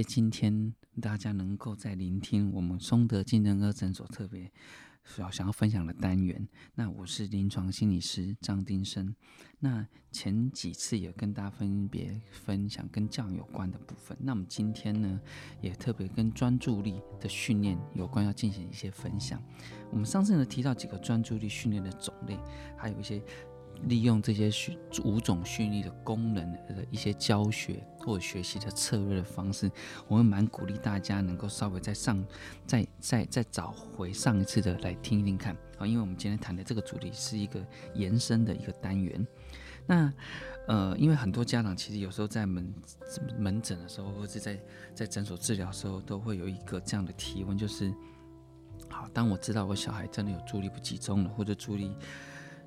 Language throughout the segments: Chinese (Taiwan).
謝今天大家能夠再聆聽我們松德精神科診所特別要想要分享的單元。那我是臨床心理師張丁升。那前幾次也跟大家分別分享跟教養有關的部分。那我們今天呢，也特別跟專注力的訓練有關，要進行一些分享。我們上次呢，提到幾個專注力訓練的種類，還有一些。利用這些五種訓練的功能的一些教學或者學習的策略的方式，我會蠻鼓勵大家能夠稍微再上、再、再、再找回上一次的來聽一聽看啊，因為我們今天談的這個主題是一個延伸的一個單元。那呃，因為很多家長其實有時候在門門診的時候，或者是在在診所治療的時候，都會有一個這樣的提問，就是好，當我知道我小孩真的有注意力不集中了，或者注意力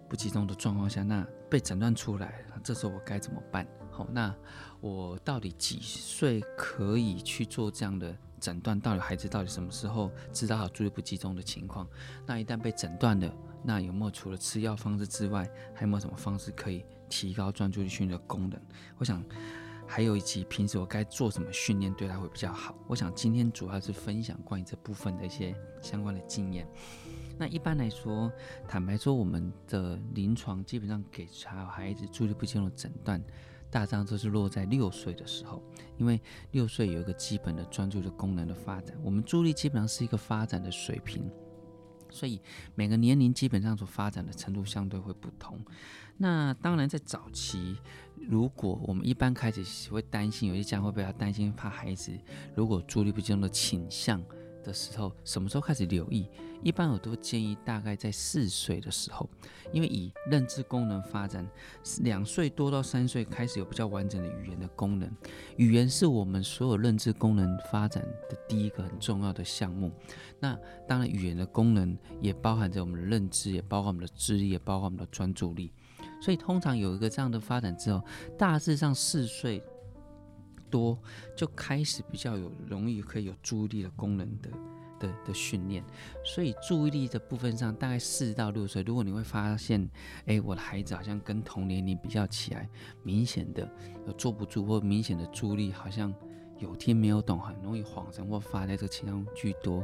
不集中的狀況下，那被診斷出來，那這時候我該怎麼辦？好、哦，那我到底幾歲可以去做這樣的診斷？到底孩子到底什麼時候知道好注意力不集中的情況？那一旦被診斷了，那有沒有除了吃藥方式之外，還有沒有什麼方式可以提高專注力訓練的功能？我想，還有以及平時我該做什麼訓練對他會比較好？我想今天主要是分享關於這部分的一些相關的經驗。那一般來說，坦白說，我們的臨床基本上給小孩子注意力不集中的診斷，大概就是落在六歲的時候，因為六歲有一個基本的專注的功能的發展，我們注意力基本上是一個發展的水平，所以每個年齡基本上所發展的程度相對會不同。那當然在早期，如果我們一般開始會擔心，有一些家長會比較擔心，怕孩子如果注意力不集中的傾向的時候，什麼時候開始留意？一般我都建議大概在四歲的時候，因為以認知功能發展，兩歲多到三歲開始有比較完整的語言的功能。語言是我們所有認知功能發展的第一個很重要的項目。那當然，語言的功能也包含着我們的認知，也包括我們的智力，也包括我們的專注力。所以，通常有一個這樣的發展之後，大致上四歲。多就開始比較有容易可以有注意力的功能的的的訓練，所以注意力的部分上，大概四到六歲，如果你會發現，哎，我的孩子好像跟同年齡比較起來，明顯的有坐不住，或明顯的注意力好像有聽沒有懂，很容易恍神或發呆，這個情況居多。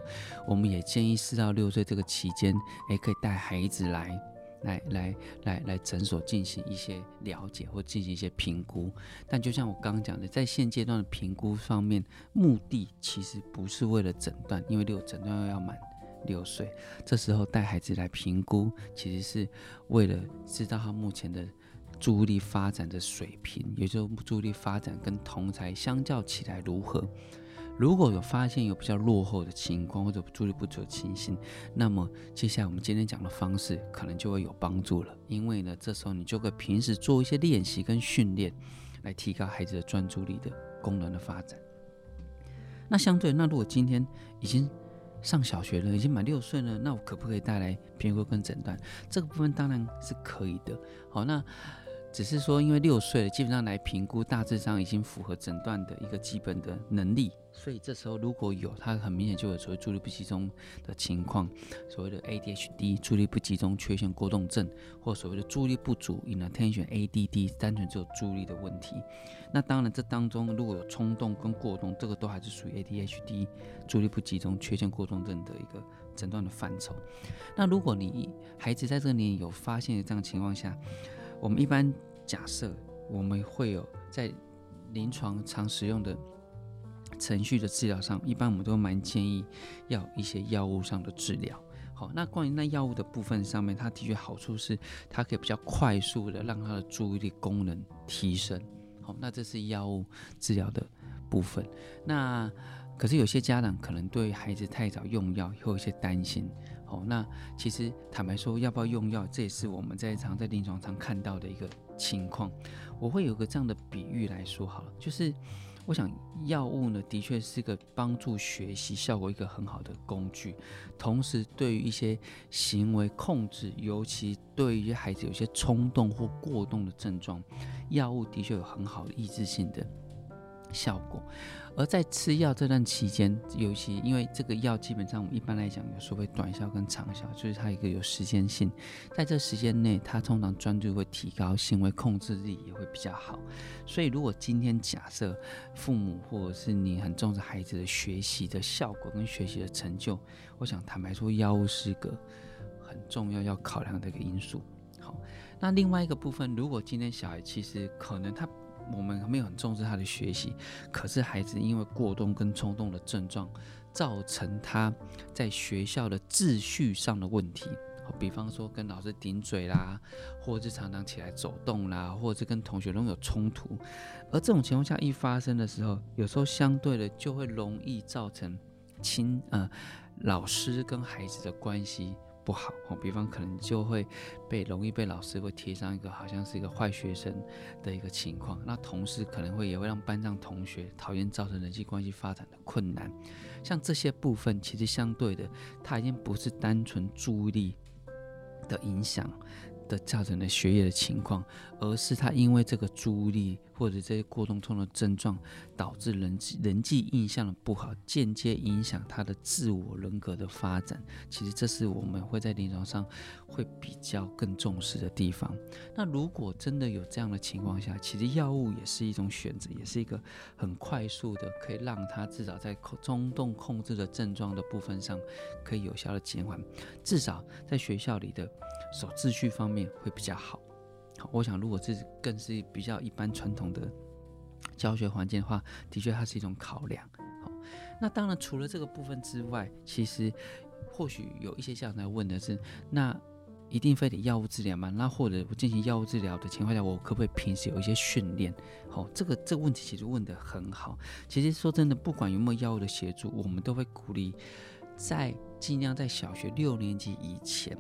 我們也建議四到六歲這個期間，哎，可以帶孩子來。來來來來診所進行一些了解或進行一些評估，但就像我剛剛講的，在現階段的評估方面，目的其實不是為了診斷，因為六診斷要要滿六歲，這時候帶孩子來評估，其實是為了知道他目前的注意力發展的水平，也就是注意力發展跟同儕相較起來如何。如果有發現有比較落後的情況，或者注意不足的情形，那麼接下來我們今天講的方式可能就會有幫助了。因為呢，這時候你就可以平時做一些練習跟訓練，來提高孩子的專注力的功能的發展。那相對，那如果今天已經上小學了，已經滿六歲了，那我可不可以帶來評估跟診斷？這個部分當然是可以的。好，那。只是說，因為六歲了，基本上來評估，大致上已經符合診斷的一個基本的能力。所以這時候如果有他，它，很明顯就有所謂注意力不集中的情況，所謂的 ADHD 注意力不集中缺陷過動症，或所謂的注意力不足，Inattention ADD 單純只有注意力的問題。那當然，這當中如果有衝動跟過動，這個都還是屬於 ADHD 注意力不集中缺陷過動症的一個診斷的範疇。那如果你孩子在這裡有發現這樣的情況下，我們一般假設，我們會有在臨床常使用的程序的治療上，一般我們都蠻建議要一些藥物上的治療。好，那關於那藥物的部分上面，它的確好處是它可以比較快速的讓他的注意力功能提升。好，那這是藥物治療的部分。那可是有些家長可能對孩子太早用藥又有一些擔心。哦，那其實坦白說，要不要用藥，這也是我們在常在臨床上看到的一個情況。我會有個這樣的比喻來說好了，就是我想藥物呢，的確是一個幫助學習效果一個很好的工具，同時對於一些行為控制，尤其對於孩子有些衝動或過動的症狀，藥物的確有很好的抑制性的。效果，而在吃藥這段期間，尤其因為這個藥基本上我們一般來講有所謂短效跟長效，就是它一個有時間性，在這時間內，它通常專注會提高，行為控制力也會比較好。所以如果今天假設父母或者是你很重視孩子的學習的效果跟學習的成就，我想坦白說，藥物是個很重要要考量的一個因素。好，那另外一個部分，如果今天小孩其實可能他。我們沒有很重視他的學習，可是孩子因為過動跟衝動的症狀，造成他在學校的秩序上的問題，比方說跟老師頂嘴啦，或是常常起來走動啦，或者是跟同學都有衝突，而這種情況下一發生的時候，有時候相對的就會容易造成親呃老師跟孩子的關係。不好哦，比方可能就會被容易被老師會貼上一個好像是一個壞學生的一個情況，那同時可能會也會讓班上同學討厭，造成人際關係發展的困難。像這些部分，其實相對的，它已經不是單純注意力的影響。的造成的學業的情況，而是他因為這個注意力或者這些過動症的症狀，導致人際人際印象的不好，間接影響他的自我人格的發展。其實，這是我們會在臨床上會比較更重視的地方。那如果真的有這樣的情況下，其實藥物也是一種選擇，也是一個很快速的，可以讓他至少在過動控制的症狀的部分上，可以有效的減緩，至少在學校裡的守秩序方面。會比較好，好，我想如果這更是比較一般傳統的教學環境的話，的確它是一種考量。好，那當然除了這個部分之外，其實或許有一些家長在問的是，那一定非得藥物治療嗎？那或者我進行藥物治療的情況下，我可不可以平時有一些訓練？好，哦，這個這個問題其實問得很好。其實說真的，不管有沒有藥物的協助，我們都會鼓勵。在盡量在小學六年級以前，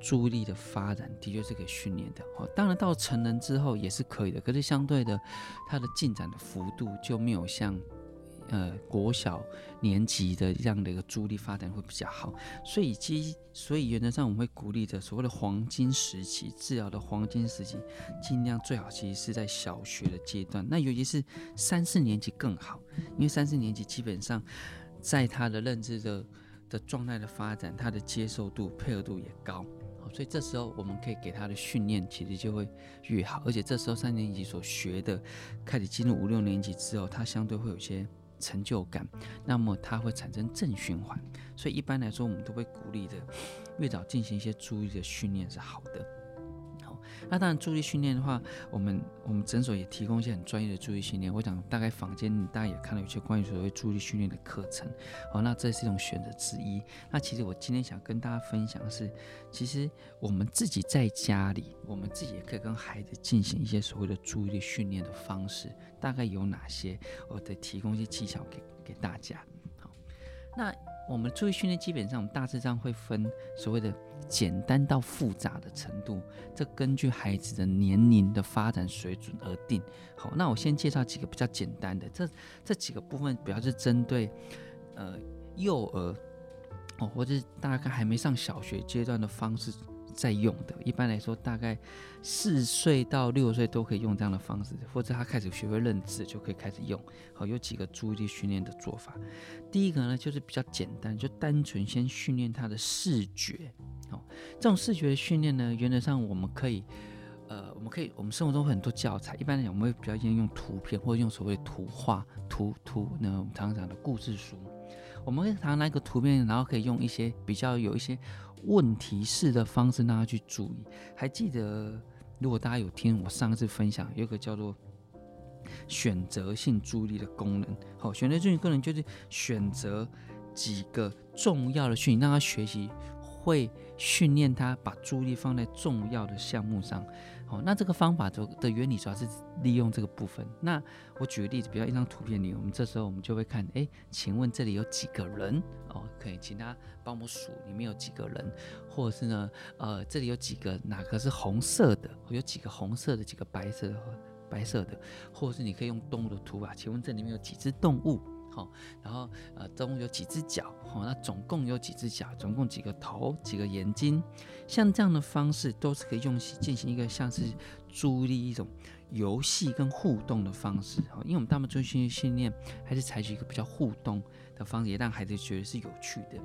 注意力的發展的確是可以訓練的。哦，當然到成人之後也是可以的，可是相對的，它的進展的幅度就沒有像，呃，國小年級的這樣的一個注意力發展會比較好。所以基，所以原則上我們會鼓勵著所謂的黃金時期治療的黃金時期，盡量最好其實是在小學的階段。那尤其是三四年級更好，因為三四年級基本上在他的認知的。的狀態的發展，他的接受度、配合度也高，所以這時候我們可以給他的訓練，其實就會越好。而且這時候三年級所學的，開始進入五六年級之後，他相對會有些成就感，那麼他會產生正循環。所以一般來說，我們都會鼓勵的越早進行一些注意的訓練是好的。那當然，注意力訓練的話，我們我們診所也提供一些很專業的注意力訓練。我想大概坊間大家也看到有些關於所謂注意力訓練的課程，好，那這是一種選擇之一。那其實我今天想跟大家分享的是，其實我們自己在家裡，我們自己也可以跟孩子進行一些所謂的注意力訓練的方式，大概有哪些？我得提供一些技巧給給大家。好，那。我們注意訓練，基本上我們大致上會分所謂的簡單到複雜的程度，這根據孩子的年齡的發展水準而定。好，那我先介紹幾個比較簡單的這，這這幾個部分主要是針對呃幼兒哦，或者大概還沒上小學階段的方式。在用的，一般來說，大概四歲到六歲都可以用這樣的方式，或者他開始學會認字就可以開始用。好，有幾個注意力訓練的做法。第一個呢，就是比較簡單，就單純先訓練他的視覺。好，這種視覺訓練呢，原則上我們可以，呃，我們可以，我們生活中很多教材，一般來講，我們會比較應用圖片或者用所謂圖畫、圖、圖，那我們常常講的故事書，我們會常常拿一個圖片，然後可以用一些比較有一些。問題式的方式，讓他去注意。還記得，如果大家有聽我上次分享，有個叫做選擇性注意力的功能。好，選擇性注意力的功能就是選擇幾個重要的事情，讓他學習，會訓練他把注意力放在重要的項目上。好、哦，那這個方法中的原理主要是利用這個部分。那我舉個例子，比如一張圖片裡，我們這時候我們就會看，哎、欸，請問這裡有幾個人？哦，可以，請他幫我數裡面有幾個人，或者是呢，呃，這裡有幾個？哪個是紅色的？有幾個紅色的？幾個白色的？白色的？或者是你可以用動物的圖啊，請問這裡面有幾隻動物？哦，然後呃，總共有幾隻腳？哦，那總共有幾隻腳？總共幾個頭？幾個眼睛？像這樣的方式都是可以用，進行一個像是注意力一種遊戲跟互動的方式。哦，因為我們大部分中心的訓練還是採取一個比較互動的方式，也讓孩子覺得是有趣的，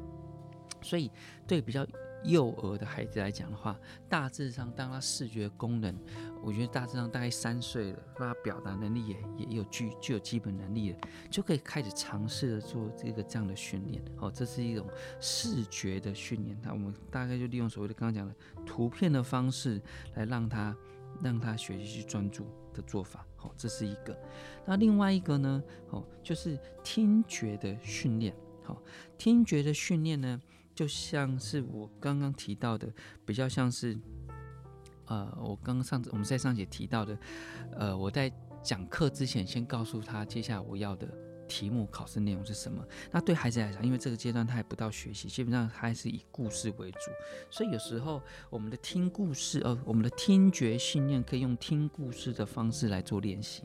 所以對比較。幼兒的孩子來講的話，大致上，當他視覺功能，我覺得大致上大概三歲了，他表達能力也也有具，具有基本能力了，就可以開始嘗試着做這個這樣的訓練。好，這是一種視覺的訓練。那我們大概就利用所謂的剛剛講的圖片的方式來讓他，讓他學習去專注的做法。好，這是一個。那另外一個呢？好，就是聽覺的訓練。好，聽覺的訓練呢？就像是我剛剛提到的，比較像是，呃，我剛剛上次我們在上節提到的，呃，我在講課之前先告訴他接下來我要的題目考試內容是什麼。那對孩子來講，因為這個階段他還不到學習，基本上他還是以故事為主，所以有時候我們的聽故事，呃，我們的聽覺訓練可以用聽故事的方式來做練習。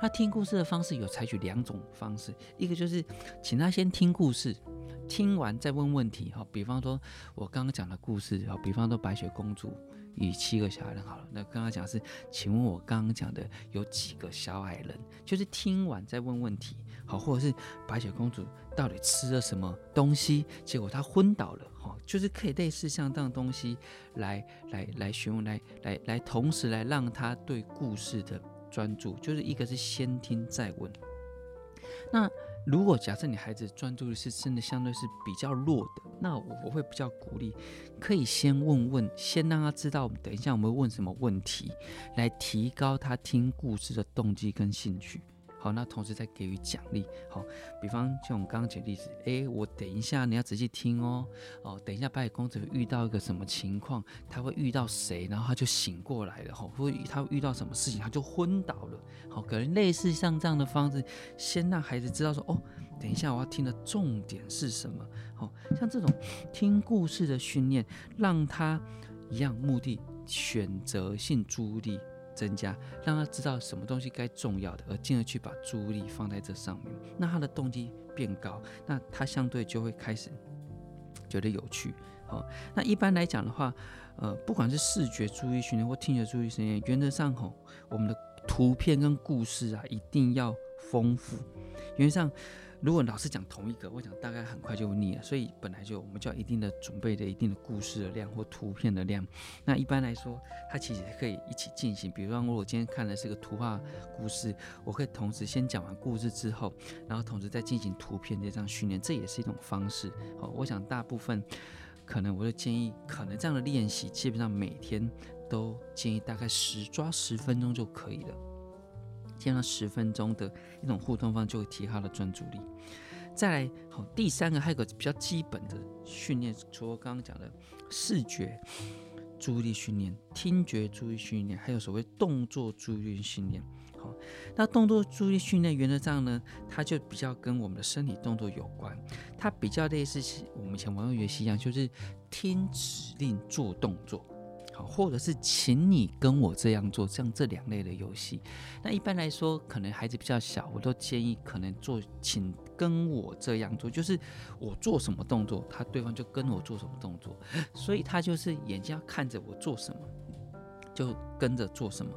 那聽故事的方式有採取兩種方式，一個就是請他先聽故事。聽完再問問題哈，比方說我剛剛講的故事哈，比方說白雪公主與七個小矮人好了，那剛剛講的是，請問我剛剛講的有幾個小矮人？就是聽完再問問題好，或者是白雪公主到底吃了什麼東西，結果她昏倒了哈，就是可以類似像這樣東西來來來詢問來來來，來來同時來讓他對故事的專注，就是一個是先聽再問，那。如果假設你孩子專注力是真的相對是比較弱的，那我會比較鼓勵，可以先問問，先讓他知道，等一下我們會問什麼問題，來提高他聽故事的動機跟興趣。好，那同時再給予獎勵。好，比方像我們剛剛舉例子，誒、欸，我等一下你要仔細聽哦。哦，等一下白雪公主遇到一個什麼情況，他會遇到誰，然後他就醒過來了哈、哦。或者他遇到什麼事情，他就昏倒了。好，可能類似像這樣的方式，先讓孩子知道說，哦，等一下我要聽的重點是什麼。好，像這種聽故事的訓練，讓他一樣目的選擇性注意力增加，讓他知道什麼東西該重要的，而進而去把注意力放在這上面，那他的動機變高，那他相對就會開始覺得有趣。好，那一般來講的話，呃，不管是視覺注意訓練或聽覺注意訓練，原則上吼，我們的圖片跟故事啊一定要豐富，原則上。如果老是講同一個，我想大概很快就膩了。所以本來就我們就要一定的準備着一定的故事的量或圖片的量。那一般來說，它其實可以一起進行。比如說，我今天看的是個圖畫故事，我可以同時先講完故事之後，然後同時再進行圖片的這樣訓練，這也是一種方式。好，我想大部分可能我就建議，可能這樣的練習基本上每天都建議大概十抓十分鐘就可以了。加到十分鐘的一種互動方，就會提高他的專注力。再來，好，第三個還有個比較基本的訓練，除了剛剛講的視覺注意力訓練、聽覺注意力訓練，還有所謂動作注意力訓練。好，那動作注意力訓練原則上呢，它就比較跟我們的身體動作有關，它比較類似我們以前玩遊戲一樣，就是聽指令做動作。或者是請你跟我這樣做，像這兩類的遊戲。那一般來說，可能孩子比較小，我都建議可能做，請跟我這樣做，就是我做什麼動作，他對方就跟我做什麼動作，所以他就是眼睛要看着我做什麼，就跟着做什麼。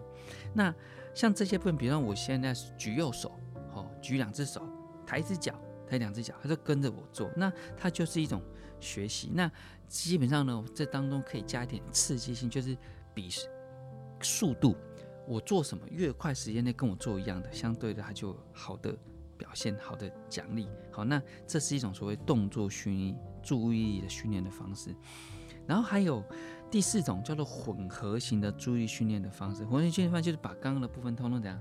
那像這些部分，比如說我現在舉右手，好，舉兩隻手，抬一隻腳。還有兩隻腳，他就跟着我做，那他就是一種學習。那基本上呢，這當中可以加一點刺激性，就是比速度，我做什麼越快時間內跟我做一樣的，相對的它就好的表現，好的獎勵。好，那這是一種所謂動作訓練、注意力的訓練的方式。然後還有第四種叫做混合型的注意訓練的方式，混合型訓練方式就是把剛剛的部分通通怎樣。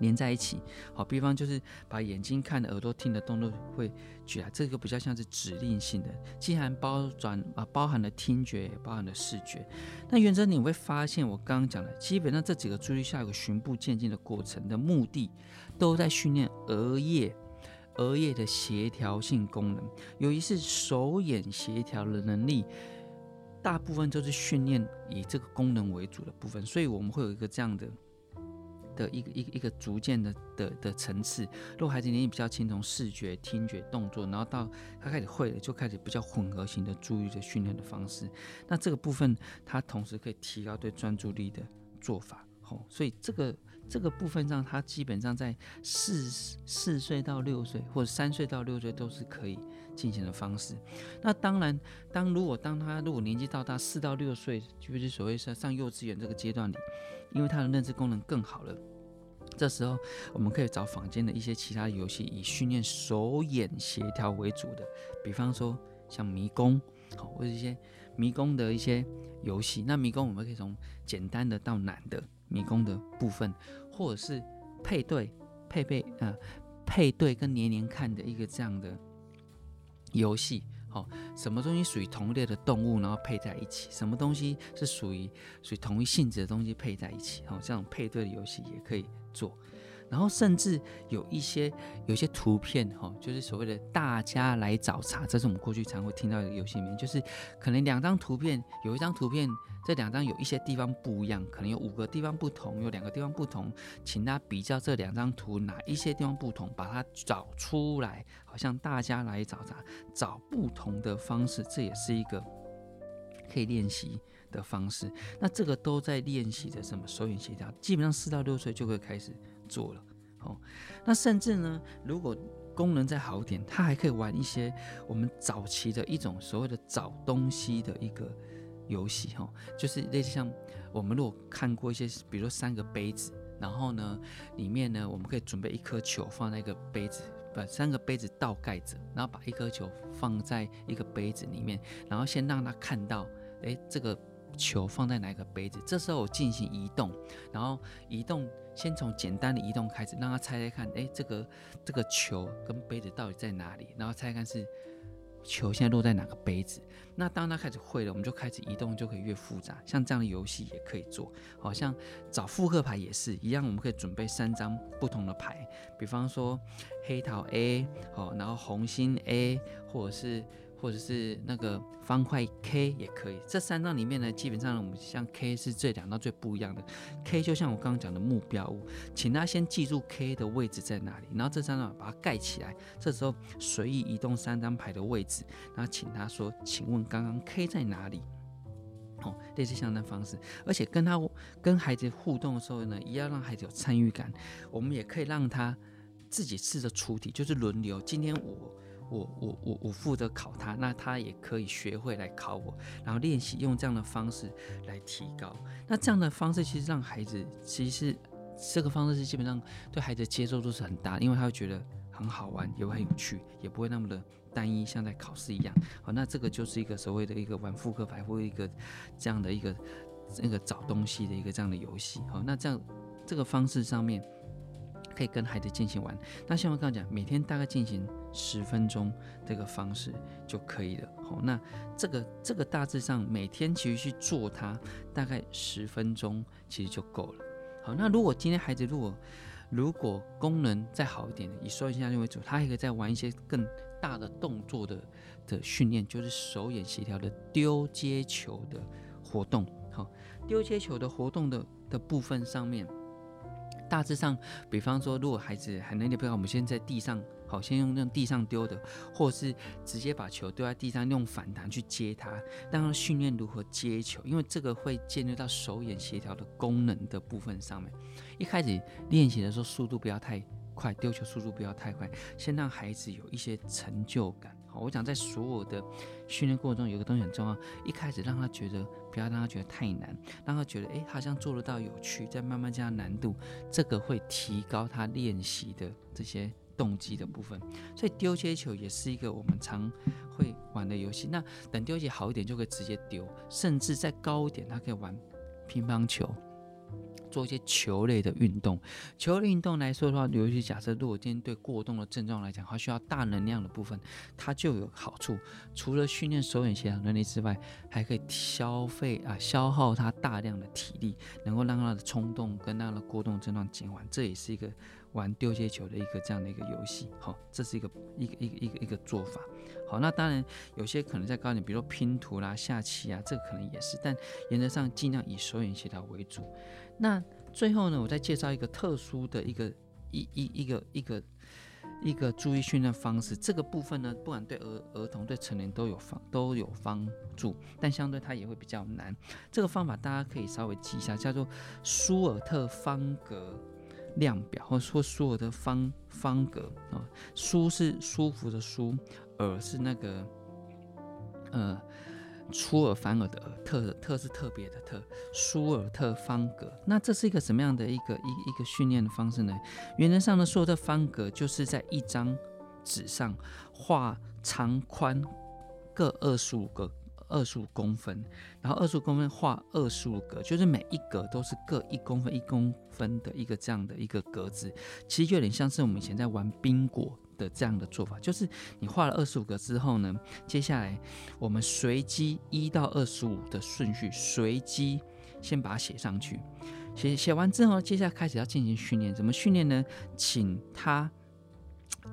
連在一起，好，比方就是把眼睛看的、耳朵聽的動作會覺得，這個比較像是指令性的，既含包轉啊，包含了聽覺，也包含了視覺。那原則你會發現，我剛剛講的基本上這幾個注意力下一個循序漸進的過程的目的，都在訓練額葉、額葉的協調性功能，由於是手眼協調的能力，大部分就是訓練以這個功能為主的部分，所以我們會有一個這樣的。的一個一個一個逐漸的的的層次，如果孩子年紀比較輕，從視覺、聽覺、動作，然後到他開始會了，就開始比較混合型的注意的訓練的方式。那這個部分，他同時可以提高對專注力的做法。吼，所以這個這個部分上，他基本上在四四歲到六歲，或者三歲到六歲都是可以進行的方式，那當然，當如果當他如果年紀到大四到六歲，就是所謂說上幼稚園這個階段裡，因為他的認知功能更好了，這時候我們可以找坊間的一些其他遊戲，以訓練手眼協調為主的，比方說像迷宮，好，或者一些迷宮的一些遊戲。那迷宮我們可以從簡單的到難的迷宮的部分，或者是配對、配備啊，呃、配對跟連連看的一個這樣的。遊戲，好，什麼東西屬於同一類的動物，然後配在一起；什麼東西是屬於屬於同一性質的東西，配在一起，好，這種配對的遊戲也可以做。然後甚至有一些有一些圖片哈，就是所謂的大家來找茬，這是我們過去常會聽到的遊戲裡面。就是可能兩張圖片，有一張圖片，這兩張有一些地方不一樣，可能有五個地方不同，有兩個地方不同，請他比較這兩張圖哪一些地方不同，把它找出來。好像大家來找茬，找不同的方式，這也是一個可以練習的方式。那這個都在練習着什麼？手眼協調，基本上四到六歲就會開始做了哦，那甚至呢，如果功能再好一點，它還可以玩一些我們早期的一種所謂的找東西的一個遊戲哈，就是類似像我們如果看過一些，比如說三個杯子，然後呢，裡面呢我們可以準備一顆球放在一個杯子，把三個杯子倒蓋着，然後把一顆球放在一個杯子裡面，然後先讓他看到，哎、欸，這個。球放在哪一個杯子？這時候我進行移動，然後移動先從簡單的移動開始，讓他猜猜看，誒，這個這個球跟杯子到底在哪裡？然後猜猜看是球現在落在哪個杯子？那當他開始會了，我們就開始移動，就可以越複雜。像這樣的遊戲也可以做，好、哦、像找撲克牌也是一樣，我們可以準備三張不同的牌，比方說黑桃 A，好、哦，然後紅心 A，或者是。或者是那個方塊 K 也可以。這三張裡面呢，基本上我們像 K 是這兩張最不一樣的。K 就像我剛剛講的目標物，請他先記住 K 的位置在哪裡，然後這三張把它蓋起來，這時候隨意移動三張牌的位置，然後請他說，請問剛剛 K 在哪裡？好，類似像這樣的方式，而且跟他跟孩子互動的時候呢，也要讓孩子有參與感。我們也可以讓他自己試着出題，就是輪流，今天我。我我我我負責考他，那他也可以學會來考我，然後練習用這樣的方式來提高。那這樣的方式其實讓孩子，其實這個方式是基本上對孩子接受度是很大的，因為他會覺得很好玩，也會很有趣，也不會那麼的單一，像在考試一樣。好，那這個就是一個所謂的一個玩撲克牌或者一個這樣的一個那、這個找東西的一個這樣的遊戲。好，那這樣這個方式上面。可以跟孩子進行玩。那像我剛講，每天大概進行十分鐘這個方式就可以了。好，那這個這個大致上每天其實去做它，大概十分鐘其實就夠了。好，那如果今天孩子如果如果功能再好一點的，以手眼協調為主，他還可以再玩一些更大的動作的的訓練，就是手眼協調的丟接球的活動。好，丟接球的活動的的部分上面。大致上，比方說，如果孩子很累的不夠，我們先在地上，好，先用用地上丟的，或者是直接把球丟在地上，用反彈去接它，當然訓練如何接球，因為這個會建立到手眼協調的功能的部分上面。一開始練習的時候，速度不要太快，丟球速度不要太快，先讓孩子有一些成就感。好，我想在所有的。訓練過程中有個東西很重要，一開始讓他覺得不要讓他覺得太難，讓他覺得哎、欸、他好像做得到有趣，再慢慢加難度，這個會提高他練習的這些動機的部分。所以丟接球也是一個我們常會玩的遊戲。那等丟接好一點就可以直接丟，甚至再高一點，他可以玩乒乓球。做一些球類的運動，球類運動來說的話，尤其假設如果今天對過動的症狀來講，它需要大能量的部分，它就有好處。除了訓練手眼協調能力之外，還可以消費啊，消耗它大量的體力，能夠讓它的衝動跟它的過動症狀減緩。這也是一個玩丟接球的一個這樣的一個遊戲，好，這是一個一個一個一個一個一個一個做法。好，那當然有些可能在高點，比如說拼圖啦、下棋啊，這個、可能也是。但原則上盡量以手眼協調為主。那最後呢，我再介紹一個特殊的一個一一一個一個一個，一個注意訓練方式。這個部分呢，不管對兒兒童對成人都，都有方都有幫助，但相對它也會比較難。這個方法大家可以稍微記一下，叫做舒爾特方格量表，或者說舒爾特方方格啊。舒是舒服的舒。是那個，呃，出爾反爾的爾，特特是特別的特，舒爾特方格。那這是一個什麼樣的一個一一個訓練的方式呢？原則上呢，舒爾特方格就是在一張紙上畫長寬各二十五格、二十五公分，然後二十五公分畫二十五格，就是每一格都是各一公分一公分的一個這樣的一個格子，其實就有點像是我們以前在玩賓果。的這樣的做法，就是你畫了二十五個之後呢，接下來我們隨機一到二十五的順序，隨機先把它寫上去，寫寫完之後，接下來開始要進行訓練，怎麼訓練呢？請他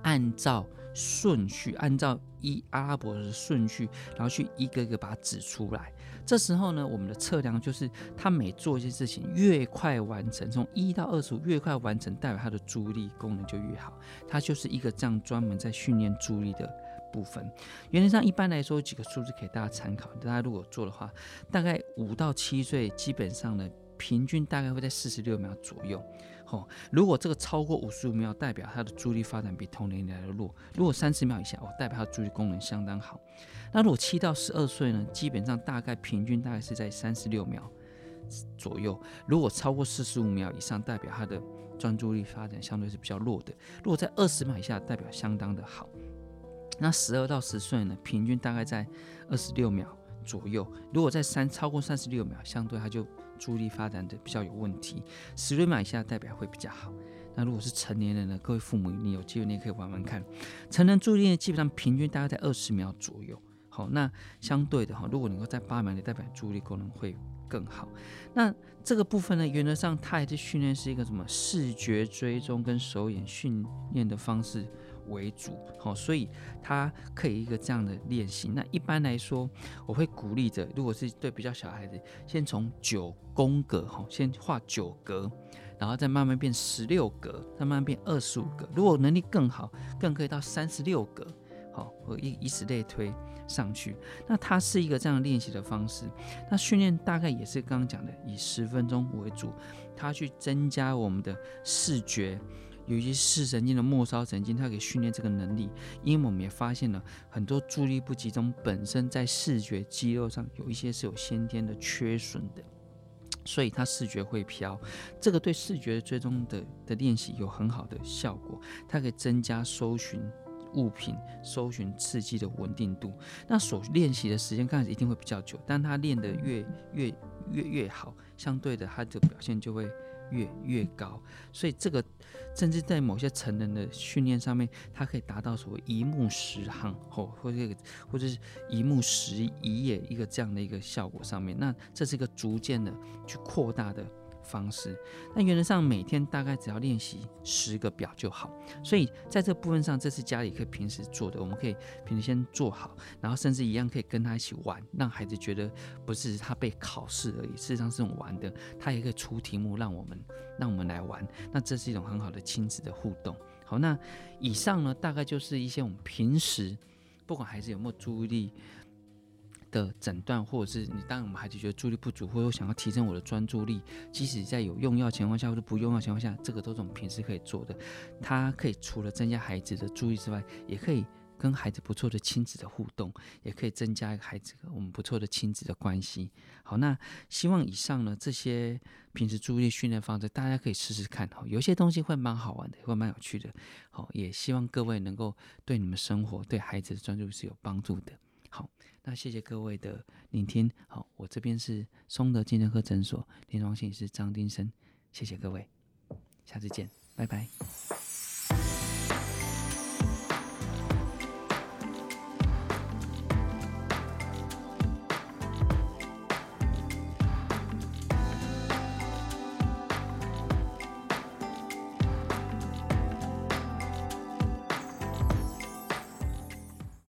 按照順序，按照一阿拉伯的順序，然後去一個個把它指出來。這時候呢，我們的測量就是他每做一些事情越快完成，從一到二十五越快完成，代表他的注意力功能就越好。它就是一個這樣專門在訓練注意力的部分。原則上一般來說幾個數字可以大家參考，大家如果做的話，大概五到七歲，基本上呢，平均大概會在四十六秒左右。哦，如果這個超過五十五秒，代表他的注意力發展比同齡人來的弱；如果三十秒以下，哦，代表他的注意力功能相當好。那如果七到十二歲呢？基本上大概平均大概是在三十六秒左右。如果超過四十五秒以上，代表他的專注力發展相對是比較弱的。如果在二十秒以下，代表相當的好。那十二到十歲呢？平均大概在二十六秒左右。如果在三超過三十六秒，相對他就。注意力發展的比較有問題，十六秒以下代表會比較好。那如果是成年人呢？各位父母，你有機會，你也可以玩玩看。成人注意力基本上平均大概在二十秒左右。好，那相對的哈，如果你能夠在八秒內，代表注意力功能會更好。那這個部分呢，原則上太這訓練是一個什麼視覺追蹤跟手眼訓練的方式。為主，好，所以它可以一個這樣的練習。那一般來說，我會鼓勵着，如果是對比較小孩子，先從九宮格，哈，先畫九格，然後再慢慢變十六格，再慢慢變二十五格。如果能力更好，更可以到三十六格，好，我一以此類推上去。那它是一個這樣練習的方式。那訓練大概也是剛剛講的，以十分鐘為主，它去增加我們的視覺。有些視神經的末梢神經，它可以訓練這個能力，因為我們也發現了很多注意力不集中本身在視覺肌肉上有一些是有先天的缺損的，所以它視覺會飄，這個對視覺追蹤的的練習有很好的效果，它可以增加搜尋物品、搜尋刺激的穩定度。那所練習的時間剛開始一定會比較久，但它練得越越越越好，相對的它的表現就會。越越高，所以這個甚至在某些成人的訓練上面，它可以達到所謂一目十行哦，或者或者是一目十一頁一個這樣的一個效果上面，那這是一個逐漸的去擴大的。方式，那原則上每天大概只要練習十個表就好。所以在這部分上，這是家裡可以平時做的，我們可以平時先做好，然後甚至一樣可以跟他一起玩，讓孩子覺得不是他被考試而已，事實上是種玩的。他也可以出題目讓我們，讓我們來玩。那這是一種很好的親子的互動。好，那以上呢，大概就是一些我們平時不管孩子有沒有注意力的診斷，或者是你當我們孩子覺得注意力不足，或者想要提升我的專注力，即使在有用藥情況下，或者不用藥情況下，這個都是我們平時可以做的。它可以除了增加孩子的注意之外，也可以跟孩子不錯的親子的互動，也可以增加孩子我們不錯的親子的關係。好，那希望以上呢這些平時注意力訓練方式，大家可以試試看哦。有些東西會蠻好玩的，會蠻有趣的。好，也希望各位能夠對你們生活、對孩子的專注力是有幫助的。好，那謝謝各位的聆聽。好，我這邊是松德精神科診所臨床心理師張丁升，謝謝各位，下次見，拜拜。